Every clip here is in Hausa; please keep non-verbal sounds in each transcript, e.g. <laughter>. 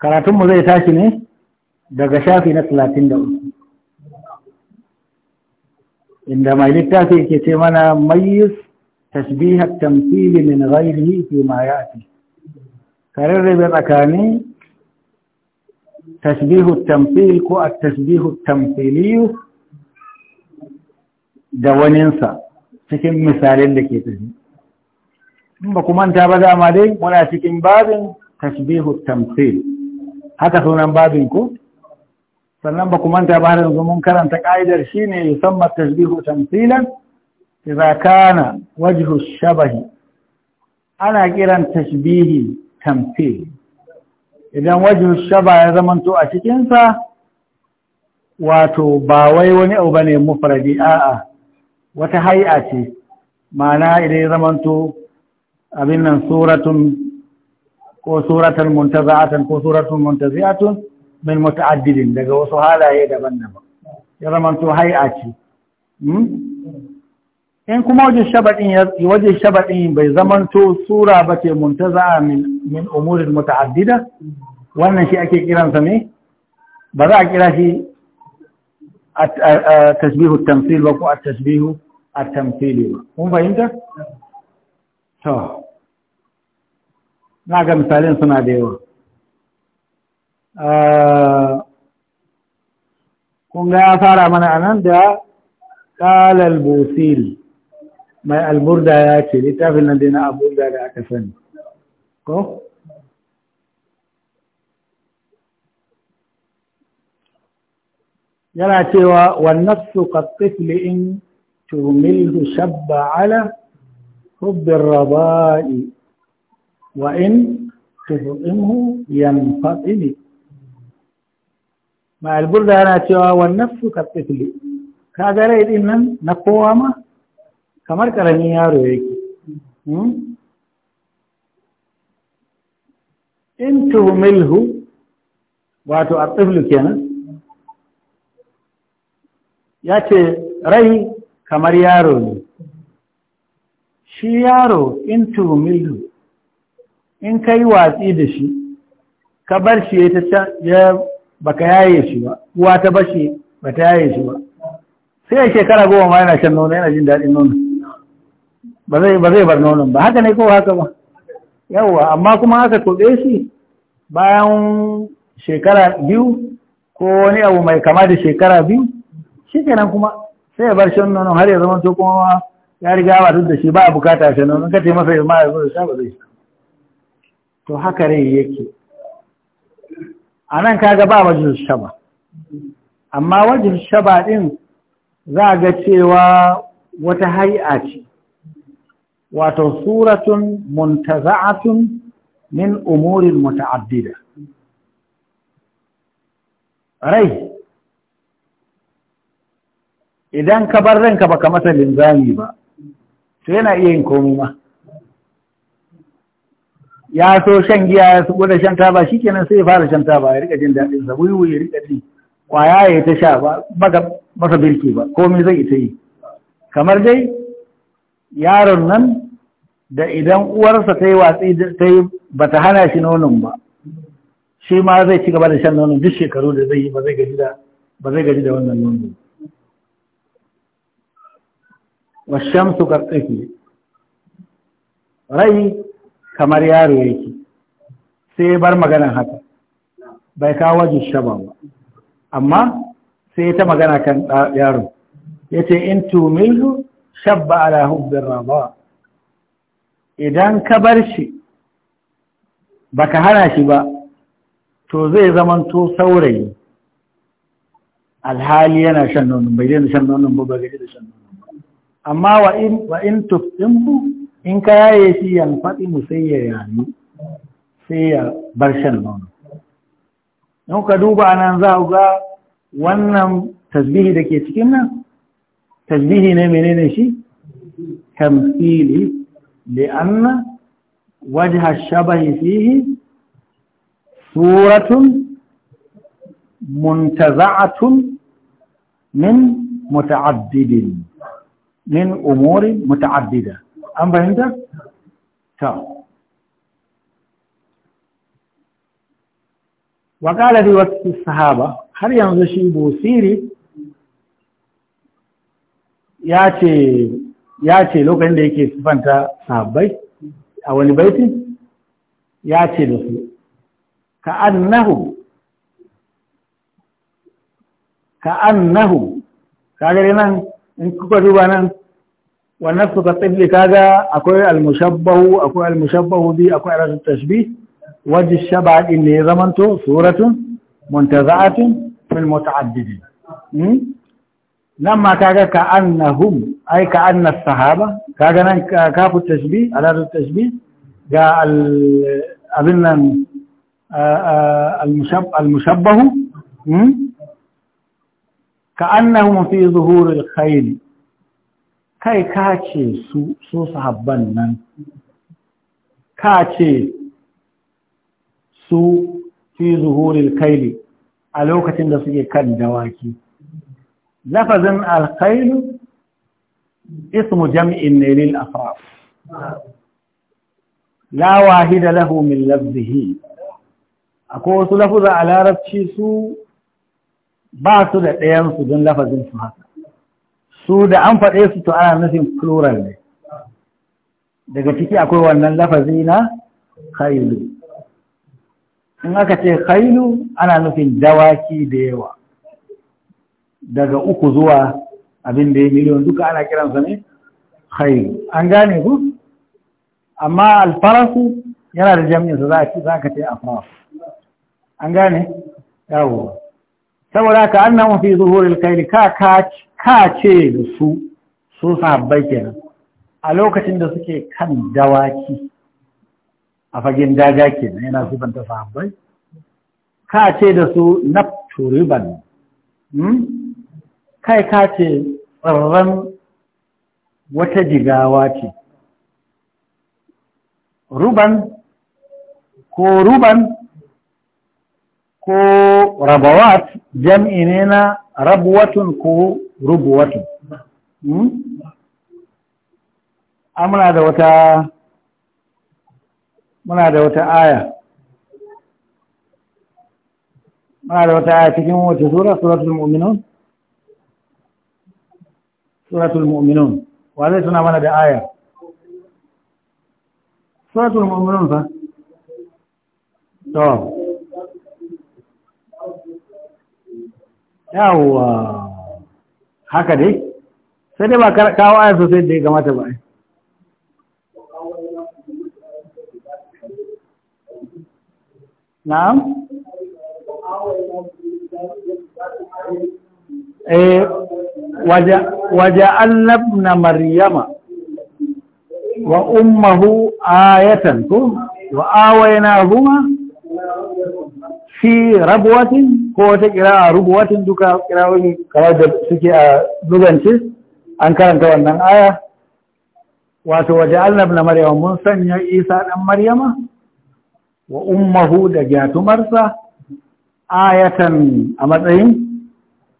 karatunmu zai tashi ne daga shafi na talatin da uku inda mai littafi ke ce mana mayis tashbihar tamfili min ghairihi fi ma ya'ti kararrabe tsakanin tasbihu tamfili ko a tasbihu tamfiliyu da waninsa cikin misalin da ke tafi in ba kuma ta ba dama dai muna cikin babin tasbihu tamfil haka sunan babin ku sannan ba ku manta ba da mun karanta ka'idar shine yusamma tashbihu tamthilan idza kana wajhu shabahi ana kiran tashbihi tamthil idan wajhu shaba ya zamanto a cikin sa wato ba wai wani abu bane mufradi a'a wata hay'a ce ma'ana idan ya zamanto abin nan suratun ko suratan muntaza'atan ko suratun muntazi'atun min muta'addidin daga wasu halaye daban-daban ya hai a ce hmm? in kuma wajen shabaɗin wajen shabaɗin bai zamanto sura ba ce muntaza'a min umurin muta'addida wannan shi ake kiransa ne ba za a kira shi tasbihu tamthil ba ko at-tasbihu at-tamthili ba kun fahimta to na ga misalin suna da yawa kun ga ya fara mana a nan da ƙalal busiri mai alburda ya ce littafin nan dai na alburda da aka sani ko? yana cewa wannan su kattifli in tumilhu shabba ala hubbin raba'i wa in ينفضل ما ma alburda yana cewa كالطفل nafsu ka tsifli ka ga rai din nan na kowa ma kamar karamin yaro yake hmm? in rai kamar yaro ne shi yaro in milu in ka yi watsi da shi ka bar shi ya ta ya baka yaye shi ba uwa ta bar shi ba ta yaye shi ba sai shekara goma ma yana shan nono yana jin daɗin nono ba zai bar nonon ba haka ne ko haka ba yawwa amma kuma haka kuɗe shi bayan shekara biyu ko wani abu mai kama da shekara biyu shi kenan kuma sai ya bar shan nonon har ya zama to kuma ya riga ba duk da shi ba a bukata shan nonon ka taimaka masa ya ma ya zo da shi ba zai shi to haka rai yake a nan kaga ba wajen shaba amma wajen shaba ɗin za ga cewa wata hai'a ce wato suratun muntaza'atun min umurin muta'addida rai idan ka bar ranka baka masa linzami ba to yana iya yin komai ma ya so shan giya ya su da shan taba shi kenan sai ya fara shan taba ya rika jin daɗin sa wuyu ya rika ji kwaya ya ta sha ba baka masa birki ba komai zai ita yi kamar dai yaron nan da idan uwarsa ta yi watsi ta yi ba ta hana shi nonon ba shi ma zai ci gaba da shan nonon duk shekaru da zai yi ba zai gaji da ba zai gaji da wannan nono shamsu kartsafi rai kamar yaro yake sai bar maganar haka bai kawo wajen shaba ba amma sai ta magana kan yaro ya ce in tumilu shabba ala hubbin rabawa idan ka bar shi baka hana shi ba to zai zamanto saurayi alhali yana shan nonon bai daina shan nonon ba bai ga shan nonon amma wa in tuftinhu in ka yaye shi yalfaɗinu sai ya yayi sai ya bar shan nono in ka duba nan za ga wannan tasbihi da ke cikin nan tasbihi ne menene shi tamthili li'anna wajha shabahi fihi suratun muntaza'atun min muta'addidin min umurin muta'addida an bayanta? ta waƙalar wasu sahaba har yanzu shi busiri ya ce lokacin da yake sifanta sahabbai a wani baiti ya ce da su ka annahu ka gari nan in kuka duba nan والنفس كالطفل كذا أكو المشبه أكو المشبه به أكو على التشبيه وجه الشبع إني زمنته صورة منتزعة في المتعددين لما كذا كأنهم أي كأن الصحابة كذا كاف التشبيه على التشبيه جاء أظن آه، آه، المشبه كأنهم في ظهور الخيل kai ka ce su su sahabban nan ka ce su fi zuhuril kaili a lokacin da suke kan dawaki lafazin alkailu ismu jam'in ne lil afraf la wahida lahu min lafzihi akwai wasu lafuza a larabci su ba su da ɗayansu don lafazin su haka su da an faɗe su to ana nufin plural ne daga ciki akwai wannan lafazi na khailu in aka ce khailu ana nufin dawaki da yawa daga uku zuwa abin da ya miliyon duka ana kiransa ne khailu an gane ku amma alfarasu yana da jami'in za a ci za ka ce afraf an gane yawo saboda ka annan fi zuhurin kaili ka kaci ka ce da su su sahabbai kenan a lokacin da suke kan dawaki a fagen daga kenan yana sifanta sahabbai ka ce da su na turiban hmm? kai ka ce tsirran wata jigawa ce ruban ko ruban ko rabawat jam'i ne na rabuwatun ko rubuwatu hmm? ah, muna da wata muna da wata aya muna da wata aya cikin wata sura suratul mu'minun suratul mu'minun wa zai suna mana da aya suratul mu'minun fa to yawwa haka dai sai dai ba kawo aya sosai da ya gamata ba na'am eh waje na maryama wa ummahu ayatan ko wa awaynahuma fi rabuwatin ko wata ƙira'a rubuwatin duka wani kamar da suke a zugance an karanta wannan aya wato waje annab na maryam mun sanya isa ɗan maryama wa ummahu da gyatumarsa ayatan a matsayin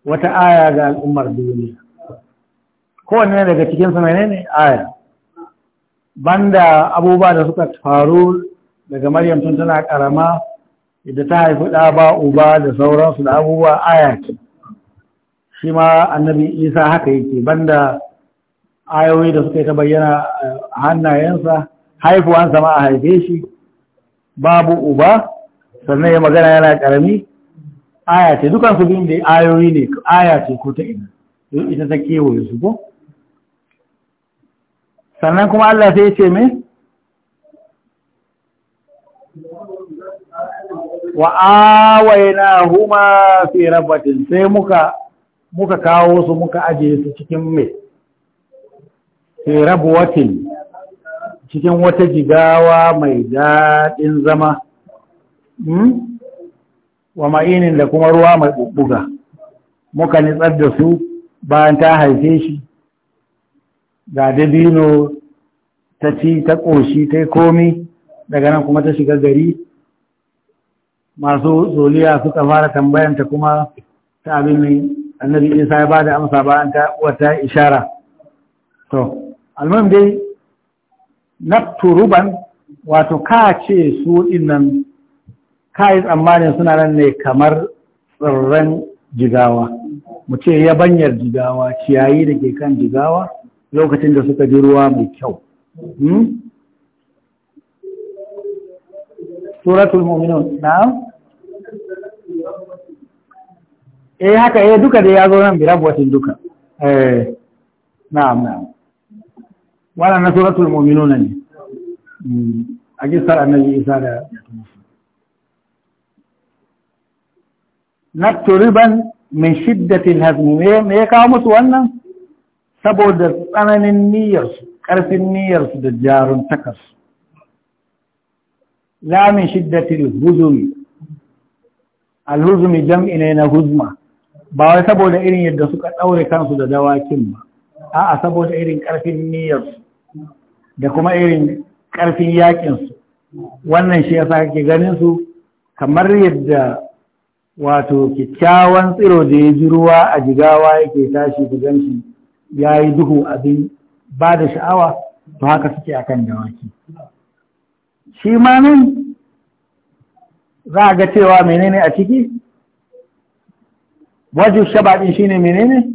wata aya ga al'ummar duniya Ko kowanne daga cikin su ne aya banda abubuwa da suka faru daga maryam tun tana karama idan ta haifi ɗa ba uba da sauransu da abubuwa aya shi ma annabi isa haka yake banda ayoyi da suka yi ta bayyana eh, hannayensa haifuwansa ma a haife shi babu uba sannan ya magana yana ƙarami aya dukan dukansu bin da ayoyi ne aya ko ta ina ita ta kewaye su ko sannan kuma Allah sai ya ce mai wa awaina huma fi rabatin sai muka muka kawo su muka ajiye su cikin mai fi rabuwatin cikin wata jigawa mai daɗin zama hmm? wa ma'inin da kuma ruwa mai ɓuɓɓuga muka nitsar da su bayan ta haife shi ga dabino ta ci ta ƙoshi ta komi daga nan kuma ta shiga gari masu zoliya suka fara tambayanta kuma ta abin ne annabi isa ya bada da amsa bayan ta wata ishara to almuhim dai na wato ka ce su dinnan ka yi tsammanin suna nan ne kamar tsirran jigawa mu ce yabanyar jigawa ciyayi da ke kan jigawa lokacin da suka ji ruwa mai kyau hmm? suratul mu'minun na'am eh haka eh duka da ya zo nan birabwatin duka eh na'am na'am wannan na suratul mu'minuna ne hmm. a gisar annabi isa da na turiban min shiddatil hazmi me ya kawo musu wannan saboda tsananin niyyarsu ƙarfin niyyarsu da jarun takarsu la min shiddatil huzumi alhuzumi jam'i ne na huzma ba wai saboda irin yadda suka ɗaure kansu da dawakin ba a'a saboda irin ƙarfin niyyarsu da kuma irin ƙarfin yaƙinsu wannan shi yasa kake ganin su kamar yadda wato kyakkyawan tsiro da ya ji ruwa a jigawa yake tashi ku ganshi ya yi duhu abin ba da sha'awa to haka suke akan dawaki shi ma nan za a ga cewa menene a ciki wajen shabaɗin shine menene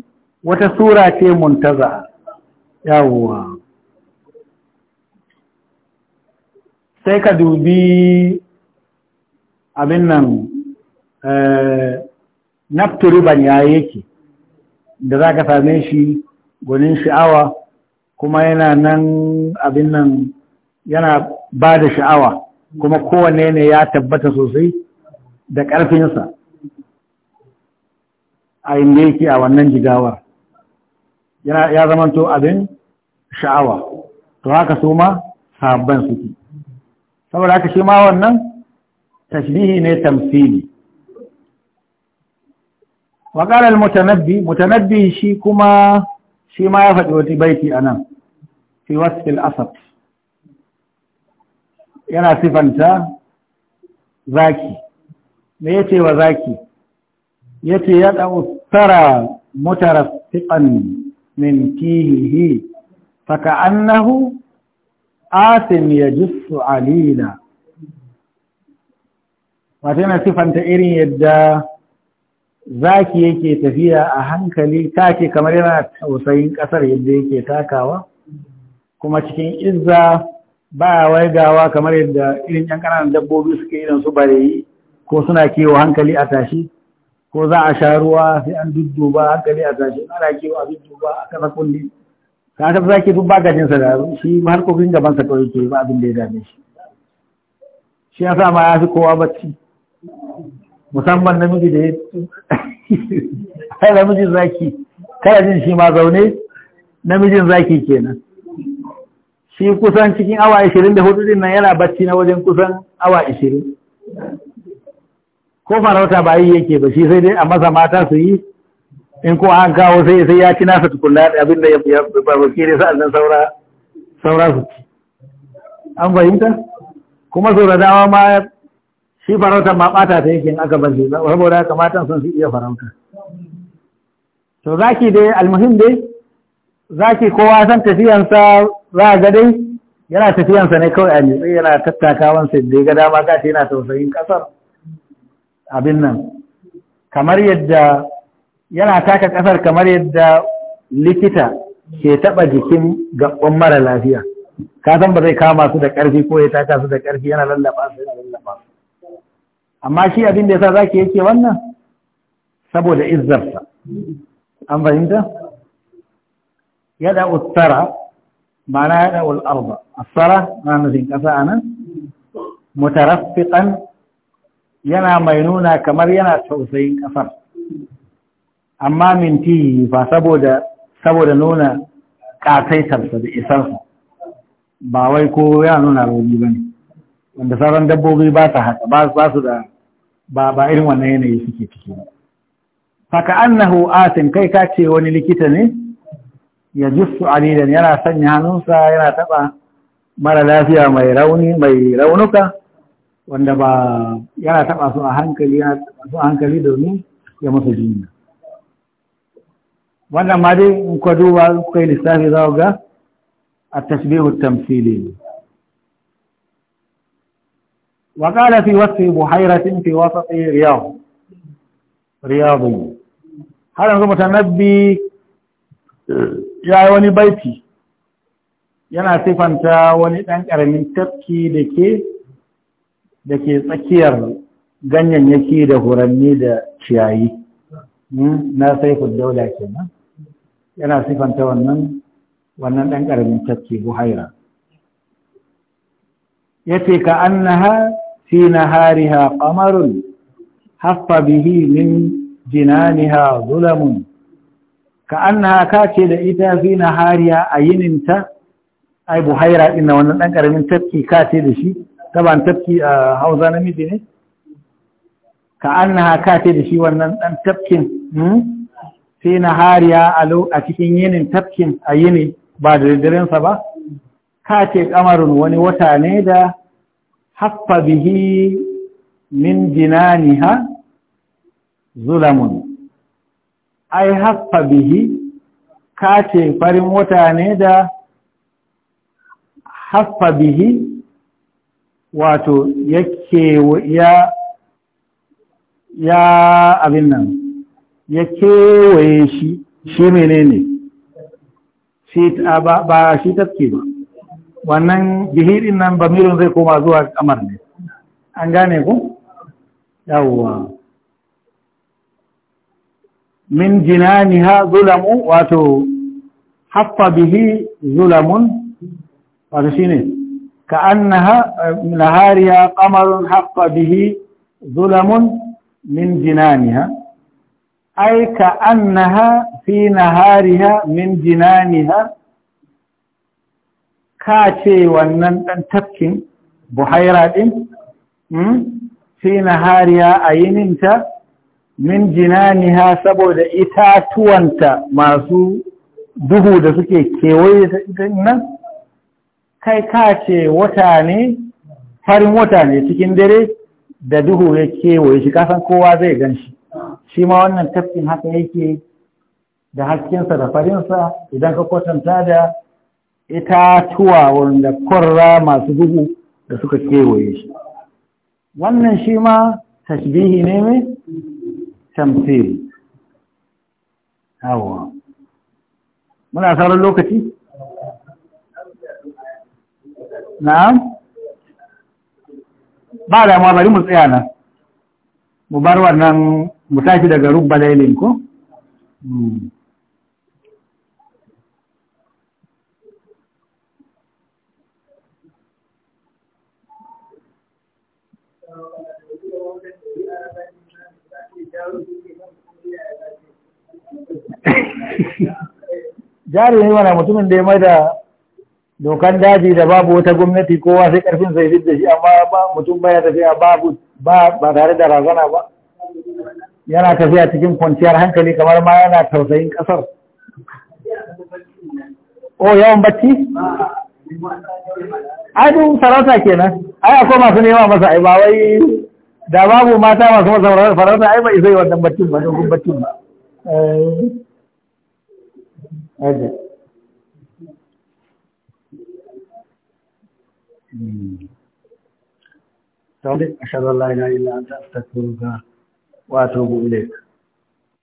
wata sura ce muntaza yawwa sai ka dubi abin nan eh, nafturiban ya yake da za ka same shi gwanin sha'awa kuma yana nan abin nan yana ba da sha'awa kuma kowanne ne ya tabbata sosai da ƙarfinsa a inda yake a wannan jigawar ya zamanto abin sha'awa to haka su ma sabban suke saboda haka shi ma wannan tashbihi ne tamsili wa qala mutanabbi mutanabbi shi kuma shi ma ya faɗi wata baiti anan fi wasu al-asab yana sifanta zaki me yace wa zaki yace ya da'u tara mutarassiqan min kihihi annahu asim yajussu alila wato yana sifanta irin yadda zaki yake tafiya a hankali take kamar yana tausayin ƙasar yadda yake takawa kuma cikin izza ba wai gawa kamar yadda irin yan ƙananan dabbobi suke irin su yi ko suna kewa hankali a tashi ko za a sha ruwa sai an dudduba hankali a tashi ana kewa a dudduba a kasa kundi ka ta zaki duk ba gajin sa da shi kokin gaban sa kawai ke ba abin da ya dame shi shi ya sa ma ya fi kowa bacci musamman namiji da ya <laughs> ai namijin zaki kada jin shi ma zaune namijin zaki kenan shi kusan cikin awa da hudu din nan yana bacci na wajen kusan awa 20 ko farauta ba yi yake ba shi sai dai a masa mata su yi in ko an kawo sai sai ya ci nasa tukunna abin da ya barbake ne sa'an nan saura saura su ci an fahimta kuma sau da dama ma shi farauta ma bata ta yake in aka bar shi saboda haka matan sun su iya farauta to zaki dai almuhim dai Za zaki kowa san tafiyansa za a dai yana tafiyansa ne kawai a nitsi yana tattakawansa da ya ga dama gashi yana tausayin kasar abin nan kamar yadda yana taka kasar kamar yadda likita ke taba jikin gabban mara lafiya ka san ba zai kama su da karfi ko ya taka su da ƙarfi yana lallaba su yana lallaba su amma shi abin da yasa zaki yake wannan saboda izzarsa an fahimta yada uttara ma'ana yada al'arba asara na nufin ƙasa a yana mai nuna kamar yana tausayin ƙasar amma minti ba saboda saboda nuna ƙasaitarsa da isarsa ba wai ko ya nuna rauni ba ne wanda sauran dabbobi ba su haka ba su da ba ba irin wannan yanayi suke ciki ba faka annahu asin kai ka ce wani likita ne ya jissu alilan yana sanya hannunsa yana taɓa mara lafiya mai rauni mai raunuka wanda ba yana taɓa su a hankali yana taɓa su a hankali domin ya musu jini wannan ma dai in ka duba kuka kai lissafi za ga a tashbihu tamsili wa qala fi wasfi بحيرة fi وسط رياض رياضي هذا هو متنبي ya yi wani baiti yana sifanta wani ɗan ƙaramin tafki da ke da ke tsakiyar ganyayyaki da huranni da ciyayi hmm, na saifin daula kenan yana sifanta wannan wannan ɗan ƙaramin tafki buhaira ya ce ka na ha fi nahariha ƙamarun haffa bihi min jinaniha zulamun ka na, ka ce da ita fi hariya a yininta ai buhaira ina wannan ɗan ƙaramin tafki ka ce da shi taban tafki a hausa miji ne ka na, ka ce da shi wannan ɗan tafkin fi hmm? hariya a cikin yinin tafkin a yini ba da darensa ba ka ce kamarun wani wata ne da haffa bihi min jinaniha zulamun ai haffa bihi kaate farin mota ne da haffa bihi wato yake ya ya abin nan ya waye shi shi menene ba shi tafki ba wannan bihirin nan mirin zai koma zuwa kamar ne an gane ku yawwa من جنانها ظلم واتو حط به ظلم واتو فارسيني نعم. كأنها نهارها قمر حط به ظلم من جنانها أي كأنها في نهارها من جنانها كاتي ونن تبكي بحيرات في نهارها أي انت min jinaniha saboda itatuwanta masu duhu da suke kewaye ta ita nan kai ka ce wata ne farin wata ne cikin dare da duhu ya kewaye shi kasan kowa zai gan shi shi ma wannan tafkin haka yake da haskensa da farinsa idan ka kwatanta da itatuwa wanda kwarra masu duhu da suka kewaye shi wannan shi ma tashbihi ne mai tamthil yawa muna sauran lokaci na'am ba da ma bari mu tsaya nan mu bar wannan mu tafi daga rubba lailin ko hmm. jari ne mana mutumin da ya mai da dokan daji da babu wata gwamnati kowa sai karfin sai fit da shi amma ba mutum baya tafiya babu ba ba tare da razana ba yana tafiya cikin kwanciyar hankali kamar ma yana tausayin kasar o oh, yawan bacci adin sarauta kenan ai akwai masu nema masa ai ba wai da babu mata masu masa farauta ai ba isai wannan baccin ba dogon baccin ba eh, أجل أشهد أن لا إله إلا أنت أستغفرك وأتوب إليك